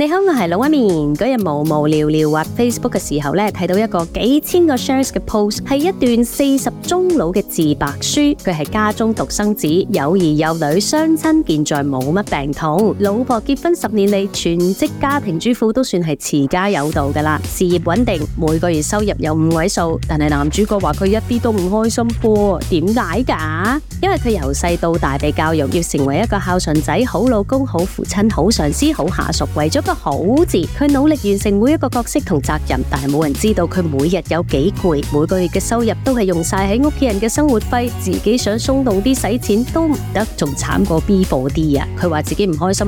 你好，我係老一面。嗰日無無聊聊話 Facebook 嘅時候呢，睇到一個幾千個 shares 嘅 post，係一段四十中老嘅自白書。佢係家中獨生子，有兒有女，雙親健在，冇乜病痛。老婆結婚十年嚟，全職家庭主婦都算係持家有道噶啦，事業穩定，每個月收入有五位數。但係男主角話佢一啲都唔開心，點解噶？因為佢由細到大被教育要成為一個孝順仔、好老公、好父親、好上司、好下屬，為咗。個好字，佢努力完成每一個角色同責任，但係冇人知道佢每日有幾攰，每個月嘅收入都係用晒喺屋企人嘅生活費，自己想鬆動啲使錢都唔得，仲慘過 B 貨啲啊！佢話自己唔開心，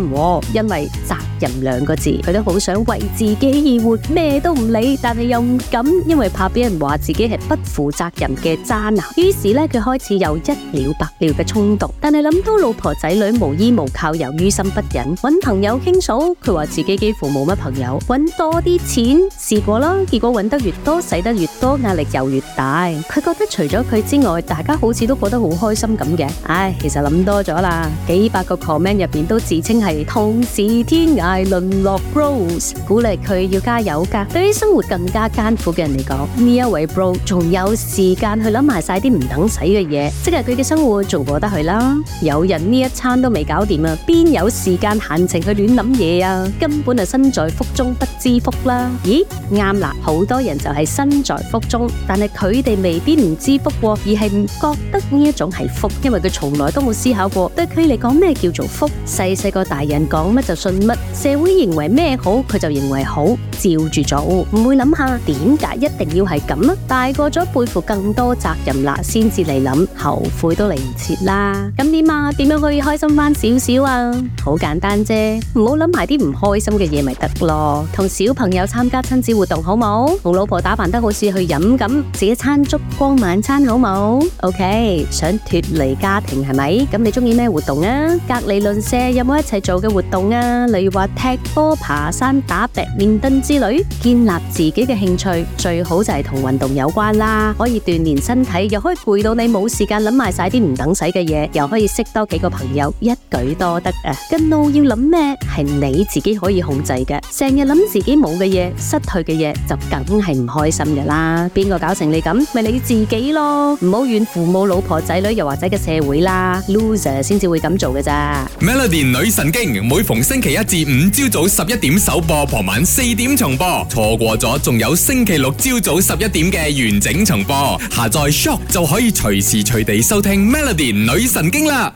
因為責任兩個字，佢都好想為自己而活，咩都唔理，但係又唔敢，因為怕俾人話自己係不負責任嘅渣男！於是呢，佢開始有一了百了嘅衝動，但係諗到老婆仔女無依無靠，又於心不忍，搵朋友傾訴，佢話自己。你幾乎冇乜朋友，揾多啲錢。試過啦，結果揾得越多，使得越多，壓力又越大。佢覺得除咗佢之外，大家好似都過得好開心咁嘅。唉，其實諗多咗啦。幾百個 comment 入邊都自稱係同是天涯淪落 bro，鼓勵佢要加油噶。對於生活更加艱苦嘅人嚟講，呢一位 bro 仲有時間去諗埋晒啲唔等使嘅嘢，即係佢嘅生活仲過得去啦。有人呢一餐都未搞掂啊，邊有時間閒情去亂諗嘢啊？根本就身在福中不知福啦。咦？啱啦，好多人就係身在福中，但係佢哋未必唔知福喎，而係唔覺得呢一種係福，因為佢從來都冇思考過，對佢嚟講咩叫做福。細細個大人講乜就信乜，社會認為咩好，佢就認為好，照住做，唔會諗下點解一定要係咁。大過咗背負更多責任啦，先至嚟諗，後悔都嚟唔切啦。咁點啊？點樣可以開心返少少啊？好簡單啫，唔好諗埋啲唔開心嘅嘢咪得咯。同小朋友參加親子活動好冇，同老婆打扮得好似去飲咁，食一餐燭光晚餐好冇。OK，想脱離家庭係咪？咁你中意咩活動啊？隔離鄰舍有冇一齊做嘅活動啊？例如話踢波、爬山、打壁面燈之類，建立自己嘅興趣，最好就係同運動有關啦，可以鍛煉身體，又可以攰到你冇時間諗埋晒啲唔等使嘅嘢，又可以識多幾個朋友，一舉多得啊！跟路要諗咩？係你自己可以控制嘅，成日諗自己冇嘅嘢，失。佢嘅嘢就梗係唔開心嘅啦，邊個搞成你咁，咪、就是、你自己咯，唔好怨父母、老婆、仔女，又或者嘅社會啦，loser 先至會咁做嘅咋。Melody 女神經每逢星期一至五朝早十一點首播，傍晚四點重播，錯過咗仲有星期六朝早十一點嘅完整重播，下載 Shock 就可以隨時隨地收聽 Melody 女神經啦。